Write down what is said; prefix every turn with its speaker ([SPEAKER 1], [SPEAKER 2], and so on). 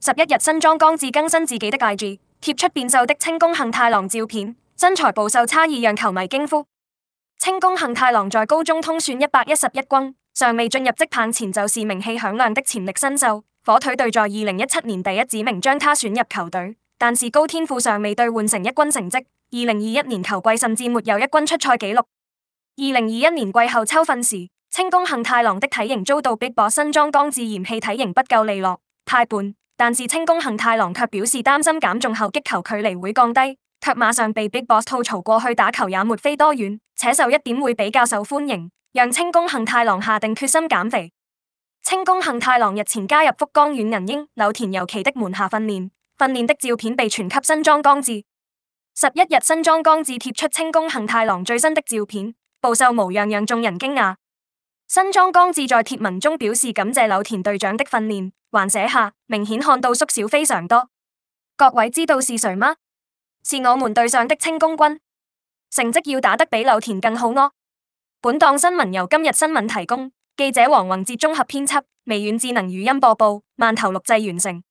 [SPEAKER 1] 十一日，新莊剛志更新自己的 IG，貼出變瘦的清宮幸太郎照片，身材暴瘦差異讓球迷驚呼。清宮幸太郎在高中通算一百一十一軍，尚未進入職棒前，就是名氣響亮的潛力新秀。火腿隊在二零一七年第一指名將他選入球隊，但是高天賦尚未兌換成一軍成績。二零二一年球季甚至沒有一軍出賽紀錄。二零二一年季後秋訓時，清宮幸太郎的體型遭到逼迫，新莊剛志嫌棄體型不夠利落，太胖。但是清宮幸太郎卻表示擔心減重後擊球距離會降低，卻馬上被 Big Boss 吐槽過去打球也沒飛多遠，且瘦一點會比較受歡迎，讓清宮幸太郎下定決心減肥。清宮幸太郎日前加入福岡軟銀鷹柳田由紀的門下訓練，訓練的照片被傳給新莊剛志。十一日，新莊剛志貼出清宮幸太郎最新的照片，暴瘦模樣讓眾人驚訝。新莊剛志在貼文中表示感謝柳田隊長的訓練，還寫下明顯看到縮小非常多。各位知道是誰嗎？是我們隊上的清宮君，成績要打得比柳田更好哦。本檔新聞由今日新聞提供，記者黃宏哲綜合編輯，微軟智能語音播報，饅頭錄製完成。